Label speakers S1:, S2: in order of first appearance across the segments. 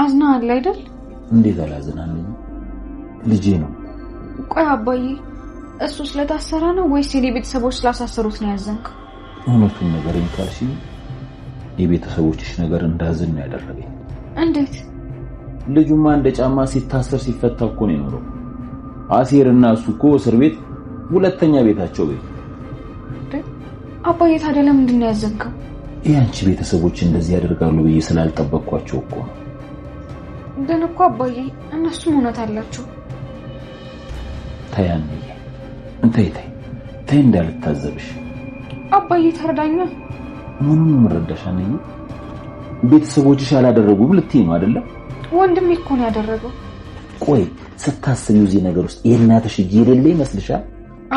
S1: አዝናሃል አይደል?
S2: እንዴት አላዝናለኝ? ልጄ ነው።
S1: ቆይ አባዬ፣ እሱ ስለታሰረ ነው ወይስ የኔ ቤተሰቦች ስላሳሰሩት ነው ያዘንከው?
S2: እውነቱን ነገረኝ ካልሽ የቤተሰቦችሽ ነገር እንዳዝን ነው ያደረገኝ። እንዴት? ልጁማ እንደ ጫማ ሲታሰር ሲፈታ እኮ ነው የኖረው። አሴር እና እሱ እኮ እስር ቤት ሁለተኛ ቤታቸው ቤት።
S1: አባዬ ታዲያ ለምንድን ነው ያዘንከው?
S2: ቤተሰቦች እንደዚህ ያደርጋሉ ብዬ ስላልጠበቅኳቸው እኮ ነው።
S1: ግን እኮ አባዬ እነሱም እውነት አላቸው።
S2: ተያን እንተይ ተይ ተይ እንዳልታዘብሽ
S1: አባዬ ተረዳኛ።
S2: ምንም የምረዳሽ ነኝ። ቤተሰቦችሽ አላደረጉም ልትይ ነው አይደለም?
S1: ወንድሜ እኮ ነው ያደረገው።
S2: ቆይ ስታስቢው እዚህ ነገር ውስጥ የእናትሽ እጅ የሌለ ይመስልሻል?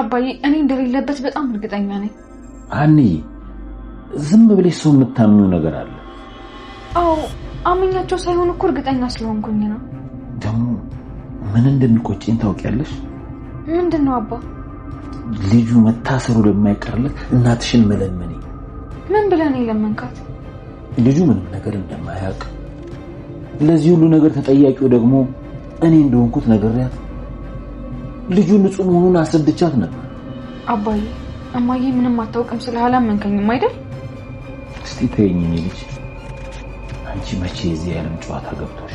S1: አባዬ እኔ እንደሌለበት በጣም እርግጠኛ ነኝ።
S2: አንዬ ዝም ብለሽ ሰው የምታምኑ ነገር አለ።
S1: አዎ አምኛቸው ሳይሆን እኮ እርግጠኛ ስለሆንኩኝ ነው።
S2: ደግሞ ምን እንደሚቆጨኝ ታውቂያለሽ? ምንድን ነው አባ? ልጁ መታሰሩ ለማይቀርለት እናትሽን መለመኔ።
S1: ምን ብለን የለመንካት?
S2: ልጁ ምንም ነገር እንደማያውቅ ለዚህ ሁሉ ነገር ተጠያቂው ደግሞ እኔ እንደሆንኩት ነግሬያት ልጁ ንጹህ መሆኑን አስረድቻት ነበር።
S1: አባዬ እማዬ ምንም አታውቅም ስለ አላመንከኝም አይደል?
S2: እስቲ ተይኝ ልጅ አንቺ መቼ የዚህ የዓለም ጨዋታ ገብቶሽ?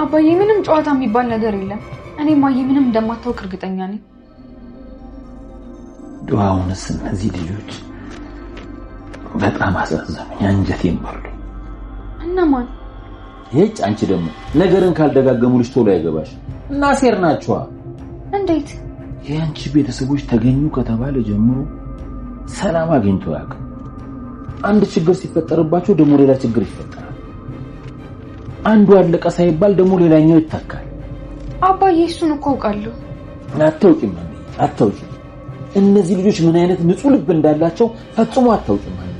S1: አባዬ ምንም ጨዋታ የሚባል ነገር የለም። እኔ ማየ ምንም እንደማታውቅ እርግጠኛ ነኝ።
S2: ድዋውንስ እነዚህ ልጆች በጣም አሳዘኑኝ፣ አንጀቴን እና እነማን? ይህች አንቺ ደግሞ ነገርን ካልደጋገሙልሽ ቶሎ አይገባሽ እና ሴር ናቸዋ። እንዴት? የአንቺ ቤተሰቦች ተገኙ ከተባለ ጀምሮ ሰላም አግኝቶ ያውቅ። አንድ ችግር ሲፈጠርባቸው ደግሞ ሌላ ችግር ይፈጠራል። አንዱ አለቀ ሳይባል ደግሞ ሌላኛው ይታካል።
S1: አባዬ እሱን እኮ አውቃለሁ።
S2: አታውቂም አታውቂም። እነዚህ ልጆች ምን አይነት ንጹህ ልብ እንዳላቸው ፈጽሞ አታውቂም ማሚ።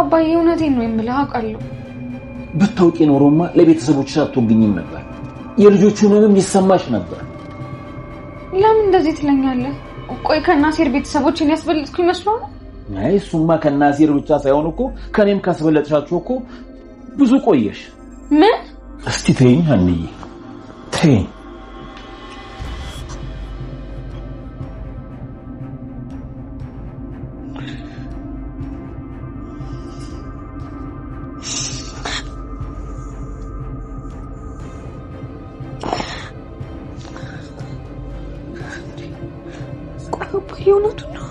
S1: አባዬ እውነቴን ነው የምልህ፣ አውቃለሁ።
S2: ብታውቂ ኖሮማ ለቤተሰቦችሽ አትወግኝም ነበር፣ የልጆቹ ይሰማሽ ነበር።
S1: ለምን እንደዚህ ትለኛለህ? ቆይ ከናሴር ቤተሰቦችን ያስበለጥኩ ይመስላል?
S2: አይ እሱማ ከናሴር ብቻ ሳይሆን እኮ ከኔም ካስበለጥሻቸው እኮ ብዙ ቆየሽ። ምን? እስቲ ተይኝ ሀንዬ ተይኝ።
S1: ቆይ ነው።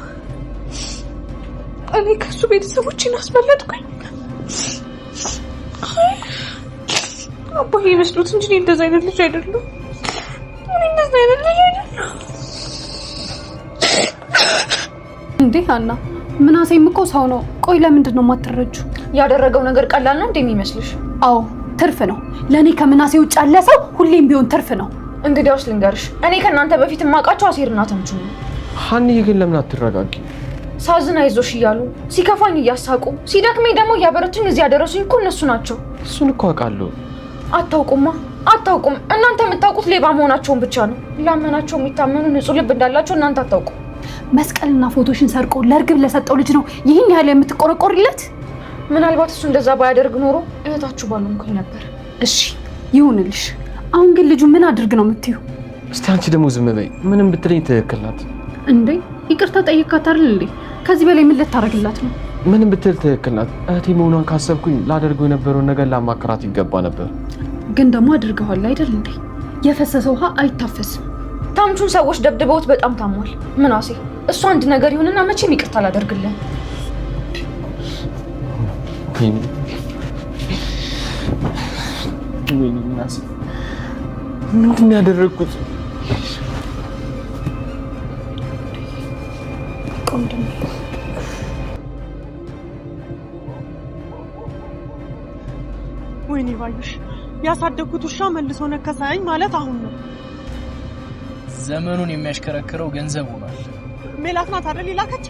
S1: እኔ ከእሱ ቤተሰቦችን አስመለጥኩኝ። አባዬ ይመስሉት እንጂ እንደዛ አይነት ልጅ አይደለም። እንደዛ አይነት ልጅ አይደለም።
S3: እንዴ ሀና፣ ምናሴም እኮ ሰው ነው። ቆይ ለምንድን ነው የማትረጁ?
S1: ያደረገው ነገር ቀላል ነው እንዴ የሚመስልሽ?
S3: አዎ ትርፍ ነው። ለእኔ ከምናሴ ውጭ ያለ ሰው ሁሌም ቢሆን ትርፍ ነው።
S1: እንግዲያውስ ልንገርሽ፣ እኔ ከእናንተ በፊት የማውቃቸው አሴርና ተምቹ ነው።
S4: ሀኒዬ ግን ለምን አትረጋጊ?
S1: ሳዝን አይዞሽ እያሉ ሲከፋኝ እያሳቁ ሲደክሜ ደግሞ እያበረቱኝ እዚህ ያደረሱኝ እኮ እነሱ ናቸው።
S4: እሱን እኮ አውቃለሁ።
S1: አታውቁማ አታውቁም። እናንተ የምታውቁት ሌባ መሆናቸውን ብቻ ነው። ላመናቸው የሚታመኑ ንጹህ ልብ እንዳላቸው እናንተ አታውቁም።
S3: መስቀልና ፎቶሽን ሰርቆ ለእርግብ ለሰጠው ልጅ ነው ይህን ያህል የምትቆረቆርለት?
S1: ምናልባት እሱ እንደዛ ባያደርግ ኖሮ እህታችሁ ባልሆንኩኝ ነበር።
S3: እሺ ይሁንልሽ። አሁን ግን ልጁ ምን አድርግ ነው የምትዩ?
S4: እስቲ አንቺ ደግሞ ዝም በይ። ምንም ብትለኝ ትክክል ናት
S3: እንዴ? ይቅርታ ጠይቃት ከዚህ በላይ ምን ልታደርግላት ነው?
S4: ምንም ብትል ትክክል ናት። እህቴ መሆኗን ካሰብኩኝ ላደርገው የነበረውን ነገር ላማክራት ይገባ ነበር።
S3: ግን ደግሞ አድርገዋል አይደል እንዴ? የፈሰሰ ውሃ አይታፈስም።
S1: ታምቹን ሰዎች ደብድበውት በጣም ታሟል። ምናሴ እሱ አንድ ነገር ይሁንና መቼም ይቅርታ አላደርግልን።
S4: ምንድን ያደረግኩት?
S1: ወይኔ ባዩሽ፣ ያሳደግኩት ውሻ መልሶ ነከሳኝ ማለት አሁን ነው።
S4: ዘመኑን የሚያሽከረክረው ገንዘብ ሆኗል።
S1: ሜላት ናት አይደል ይላከች?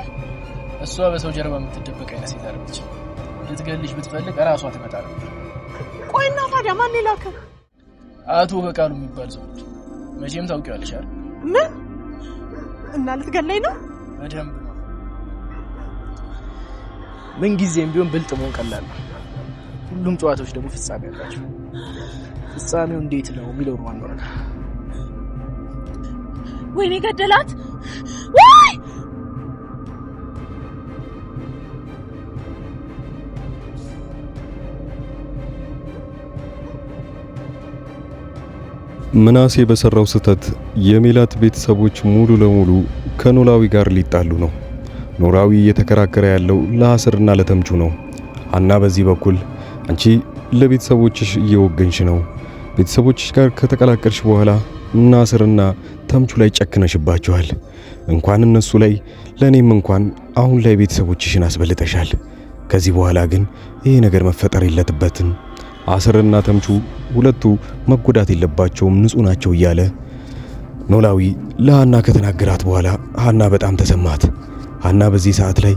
S4: እሷ በሰው ጀርባ የምትደበቅ አይነት ሴት አለች። ልትገልሽ ብትፈልግ እራሷ ትመጣ ነበር።
S1: ቆይና ታዲያ ማን ላከ?
S4: አቶ በቃሉ የሚባል ሰው መቼም ታውቂዋለሽ አይደል?
S1: ምን እና ልትገለኝ ነው?
S4: በደንብ ምንጊዜም ቢሆን ብልጥ መሆን ቀላል ነው። ሁሉም ጨዋታዎች ደግሞ ፍጻሜ አላቸው። ፍጻሜው እንዴት ነው የሚለው ነው ዋናው ነገር።
S1: ወይኔ ገደላት
S5: ምናሴ በሰራው ስህተት የሜላት ቤተሰቦች ሙሉ ለሙሉ ከኖላዊ ጋር ሊጣሉ ነው። ኖላዊ እየተከራከረ ያለው ለአስርና ለተምቹ ነው። አና በዚህ በኩል አንቺ ለቤተሰቦችሽ እየወገንሽ ነው። ቤተሰቦችሽ ጋር ከተቀላቀልሽ በኋላ ናስርና ተምቹ ላይ ጨክነሽባቸዋል። እንኳን እነሱ ላይ ለእኔም እንኳን አሁን ላይ ቤተሰቦችሽን አስበልጠሻል። ከዚህ በኋላ ግን ይሄ ነገር መፈጠር የለበትም። አስርና ተምቹ ሁለቱ መጎዳት የለባቸውም፣ ንጹህ ናቸው እያለ ኖላዊ ለሃና ከተናገራት በኋላ ሃና በጣም ተሰማት። ሃና በዚህ ሰዓት ላይ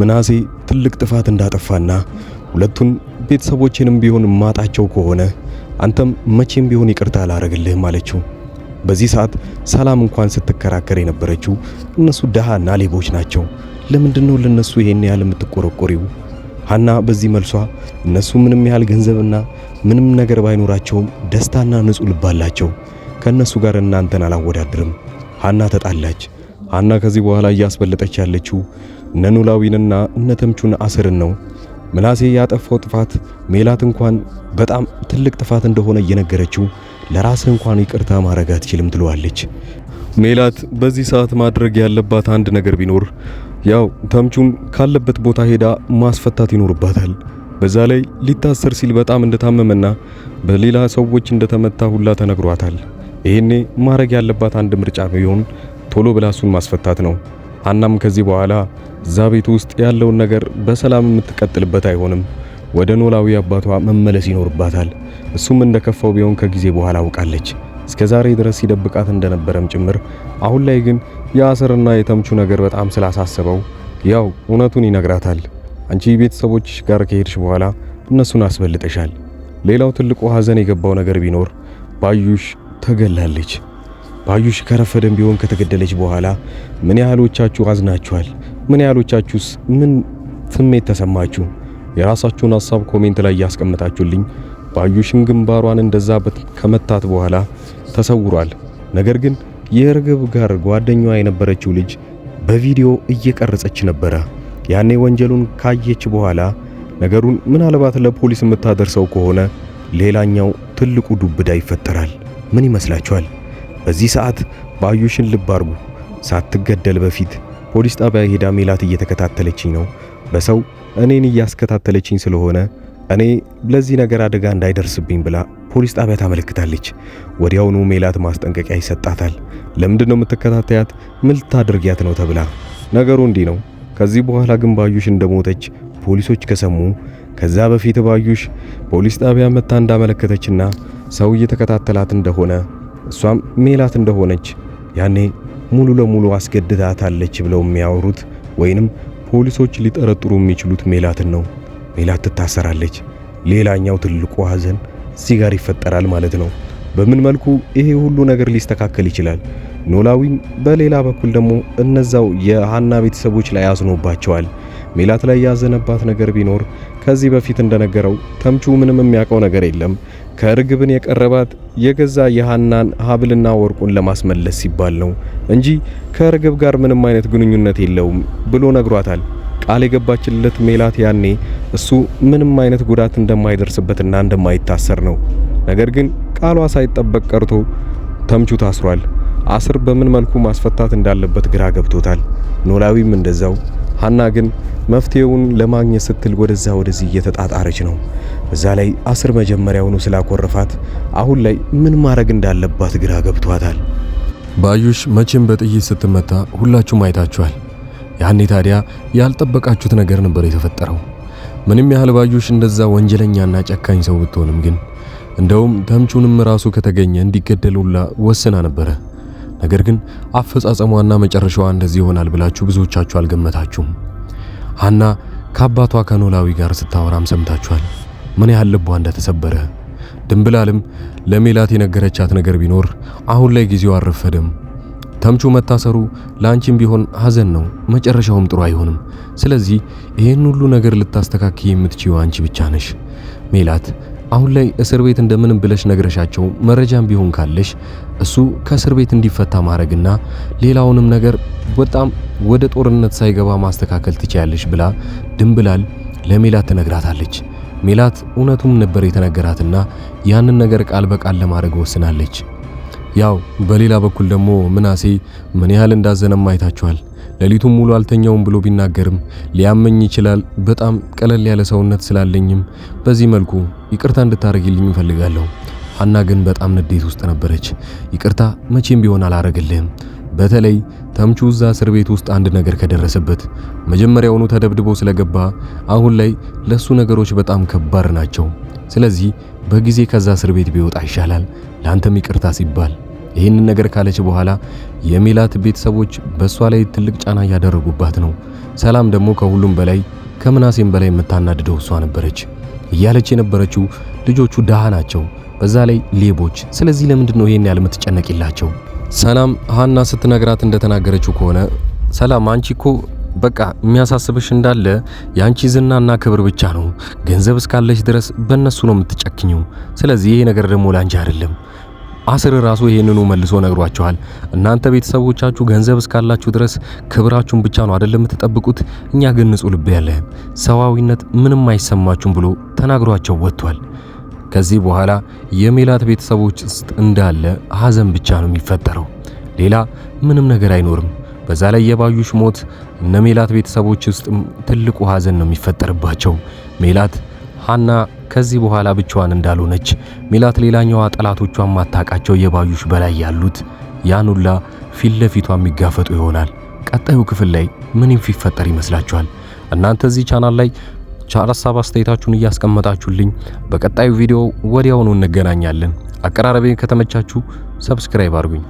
S5: ምናሴ ትልቅ ጥፋት እንዳጠፋና ሁለቱን ቤተሰቦችንም ቢሆን ማጣቸው ከሆነ አንተም መቼም ቢሆን ይቅርታ አላረግልህም አለችው። በዚህ ሰዓት ሰላም እንኳን ስትከራከር የነበረችው እነሱ ደሃና ሌቦች ናቸው፣ ለምንድነው ለነሱ ይሄን ያህል የምትቆረቆሪው? ሀና በዚህ መልሷ እነሱ ምንም ያህል ገንዘብና ምንም ነገር ባይኖራቸውም ደስታና ንጹህ ልባላቸው ከነሱ ጋር እናንተን አላወዳድርም። ሀና ተጣላች። ሀና ከዚህ በኋላ እያስበለጠች ያለችው እነ ኖላዊንና እነ ተምቹን አስርን ነው። ምናሴ ያጠፋው ጥፋት ሜላት እንኳን በጣም ትልቅ ጥፋት እንደሆነ እየነገረችው ለራስህ እንኳን ይቅርታ ማድረግ አትችልም ትለዋለች። ሜላት በዚህ ሰዓት ማድረግ ያለባት አንድ ነገር ቢኖር ያው ተምቹን ካለበት ቦታ ሄዳ ማስፈታት ይኖርባታል። በዛ ላይ ሊታሰር ሲል በጣም እንደታመመና በሌላ ሰዎች እንደተመታ ሁላ ተነግሯታል። ይሄኔ ማድረግ ያለባት አንድ ምርጫ ቢሆን ቶሎ ብላ እሱን ማስፈታት ነው። ሐናም ከዚህ በኋላ እዛ ቤት ውስጥ ያለውን ነገር በሰላም የምትቀጥልበት አይሆንም። ወደ ኖላዊ አባቷ መመለስ ይኖርባታል። እሱም እንደከፋው ቢሆን ከጊዜ በኋላ አውቃለች። እስከ ዛሬ ድረስ ሲደብቃት እንደነበረም ጭምር። አሁን ላይ ግን የአሰርና የተምቹ ነገር በጣም ስላሳሰበው ያው እውነቱን ይነግራታል። አንቺ ቤተሰቦች ጋር ከሄድሽ በኋላ እነሱን አስበልጠሻል። ሌላው ትልቁ ሐዘን የገባው ነገር ቢኖር ባዩሽ ተገላለች። ባዩሽ ከረፈደን ቢሆን ከተገደለች በኋላ ምን ያህሎቻችሁ አዝናችኋል? ምን ያህሎቻችሁስ ምን ስሜት ተሰማችሁ? የራሳችሁን ሀሳብ ኮሜንት ላይ እያስቀመጣችሁልኝ። ባዩሽም ግንባሯን እንደዛ ከመታት በኋላ ተሰውሯል። ነገር ግን የርግብ ጋር ጓደኛዋ የነበረችው ልጅ በቪዲዮ እየቀረጸች ነበረ። ያኔ ወንጀሉን ካየች በኋላ ነገሩን ምናልባት ለፖሊስ የምታደርሰው ከሆነ ሌላኛው ትልቁ ዱብዳ ይፈጠራል። ምን ይመስላችኋል? በዚህ ሰዓት ባዩሽን ልብ አርጉ። ሳትገደል በፊት ፖሊስ ጣቢያ ሄዳ ሜላት እየተከታተለችኝ ነው። በሰው እኔን እያስከታተለችኝ ስለሆነ እኔ ለዚህ ነገር አደጋ እንዳይደርስብኝ ብላ ፖሊስ ጣቢያ ታመለክታለች። ወዲያውኑ ሜላት ማስጠንቀቂያ ይሰጣታል። ለምንድን ነው የምትከታተያት? ምን ልታደርጊያት ነው ተብላ ነገሩ እንዲህ ነው። ከዚህ በኋላ ግን ባዩሽ እንደሞተች ፖሊሶች ከሰሙ ከዛ በፊት ባዩሽ ፖሊስ ጣቢያ መታ እንዳመለከተችና ሰው እየተከታተላት እንደሆነ እሷም ሜላት እንደሆነች ያኔ ሙሉ ለሙሉ አስገድዳታለች ብለው የሚያወሩት ወይንም ፖሊሶች ሊጠረጥሩ የሚችሉት ሜላትን ነው። ሜላት ትታሰራለች። ሌላኛው ትልቁ ሐዘን እዚህ ጋር ይፈጠራል ማለት ነው። በምን መልኩ ይሄ ሁሉ ነገር ሊስተካከል ይችላል? ኖላዊም በሌላ በኩል ደግሞ እነዛው የሃና ቤተሰቦች ላይ አዝኖባቸዋል። ሜላት ላይ ያዘነባት ነገር ቢኖር ከዚህ በፊት እንደነገረው ተምቹ ምንም የሚያውቀው ነገር የለም። ከርግብን የቀረባት የገዛ የሃናን ሀብልና ወርቁን ለማስመለስ ሲባል ነው እንጂ ከርግብ ጋር ምንም አይነት ግንኙነት የለውም ብሎ ነግሯታል። ቃል የገባችለት ሜላት ያኔ እሱ ምንም አይነት ጉዳት እንደማይደርስበትና እንደማይታሰር ነው። ነገር ግን ቃሏ ሳይጠበቅ ቀርቶ ተምቹ ታስሯል። አስር በምን መልኩ ማስፈታት እንዳለበት ግራ ገብቶታል። ኖላዊም እንደዛው ሀና ግን መፍትሄውን ለማግኘት ስትል ወደዛ ወደዚህ እየተጣጣረች ነው። በዛ ላይ አስር መጀመሪያውኑ ስላኮረፋት አሁን ላይ ምን ማድረግ እንዳለባት ግራ ገብቷታል። ባዩሽ መቼም በጥይት ስትመታ ሁላችሁም አይታችኋል። ያኔ ታዲያ ያልጠበቃችሁት ነገር ነበር የተፈጠረው። ምንም ያህል ባዩሽ እንደዛ ወንጀለኛና ጨካኝ ሰው ብትሆንም ግን እንደውም ተምቹንም ራሱ ከተገኘ እንዲገደሉላ ወስና ነበረ። ነገር ግን አፈጻጸሟና መጨረሻዋ እንደዚህ ይሆናል ብላችሁ ብዙዎቻችሁ አልገመታችሁም። ሐና ከአባቷ ከኖላዊ ጋር ስታወራም ሰምታችኋል፣ ምን ያህል ልቧ እንደተሰበረ። ድንብላልም ለሜላት የነገረቻት ነገር ቢኖር አሁን ላይ ጊዜው አረፈደም፣ ተምቹ መታሰሩ ለአንቺም ቢሆን ሐዘን ነው፣ መጨረሻውም ጥሩ አይሆንም። ስለዚህ ይህን ሁሉ ነገር ልታስተካክይ የምትችይው አንቺ ብቻ ነሽ። ሜላት አሁን ላይ እስር ቤት እንደምንም ብለሽ ነግረሻቸው መረጃም ቢሆን ካለሽ እሱ ከእስር ቤት እንዲፈታ ማድረግና ሌላውንም ነገር በጣም ወደ ጦርነት ሳይገባ ማስተካከል ትችያለሽ ብላ ድንብላል ለሜላት ትነግራታለች። ሜላት እውነቱም ነበር የተነገራትና ያንን ነገር ቃል በቃል ለማድረግ ወስናለች። ያው በሌላ በኩል ደግሞ ምናሴ ምን ያህል እንዳዘነም አይታችኋል። ሌሊቱም ሙሉ አልተኛውም ብሎ ቢናገርም ሊያመኝ ይችላል። በጣም ቀለል ያለ ሰውነት ስላለኝም በዚህ መልኩ ይቅርታ እንድታደርግልኝ እፈልጋለሁ። አና ግን በጣም ንዴት ውስጥ ነበረች። ይቅርታ መቼም ቢሆን አላረግልህም። በተለይ ተምቹ እዛ እስር ቤት ውስጥ አንድ ነገር ከደረሰበት መጀመሪያውኑ ተደብድቦ ስለገባ አሁን ላይ ለሱ ነገሮች በጣም ከባድ ናቸው። ስለዚህ በጊዜ ከዛ እስር ቤት ቢወጣ ይሻላል፣ ላንተም ይቅርታ ሲባል ይህንን ነገር ካለች በኋላ የሚላት ቤተሰቦች በእሷ ላይ ትልቅ ጫና እያደረጉባት ነው። ሰላም ደግሞ ከሁሉም በላይ ከምናሴም በላይ የምታናድደው እሷ ነበረች። እያለች የነበረችው ልጆቹ ደሃ ናቸው፣ በዛ ላይ ሌቦች። ስለዚህ ለምንድን ነው ይሄን ያለ የምትጨነቅላቸው? ሰላም ሀና ስትነግራት እንደተናገረችው ከሆነ ሰላም አንቺ እኮ በቃ የሚያሳስብሽ እንዳለ የአንቺ ዝናና ክብር ብቻ ነው። ገንዘብ እስካለሽ ድረስ በእነሱ ነው የምትጨክኙ። ስለዚህ ይሄ ነገር ደግሞ ላንቺ አይደለም። አስር ራሱ ይሄንኑ መልሶ ነግሯቸዋል። እናንተ ቤተሰቦቻችሁ ገንዘብ እስካላችሁ ድረስ ክብራችሁን ብቻ ነው አይደለም የምትጠብቁት፣ እኛ ግን ንጹህ ልብ ያለህ ሰዋዊነት ምንም አይሰማችሁም ብሎ ተናግሯቸው ወጥቷል። ከዚህ በኋላ የሜላት ቤተሰቦች ውስጥ እንዳለ ሀዘን ብቻ ነው የሚፈጠረው፣ ሌላ ምንም ነገር አይኖርም። በዛ ላይ የባዩሽ ሞት እነ ሜላት ቤተሰቦች ውስጥ ትልቁ ሀዘን ነው የሚፈጠርባቸው። ሜላት ሀና ከዚህ በኋላ ብቻዋን እንዳልሆነች ሚላት ሌላኛዋ ጠላቶቿን ማታቃቸው የባዩሽ በላይ ያሉት ያኑላ ፊት ለፊቷ የሚጋፈጡ ይሆናል። ቀጣዩ ክፍል ላይ ምን ይፈጠር ይመስላችኋል? እናንተ እዚህ ቻናል ላይ ሀሳብ አስተያየታችሁን እያስቀመጣችሁልኝ በቀጣዩ ቪዲዮ ወዲያውኑ እንገናኛለን። አቀራረቤ ከተመቻችሁ ሰብስክራይብ አድርጉኝ።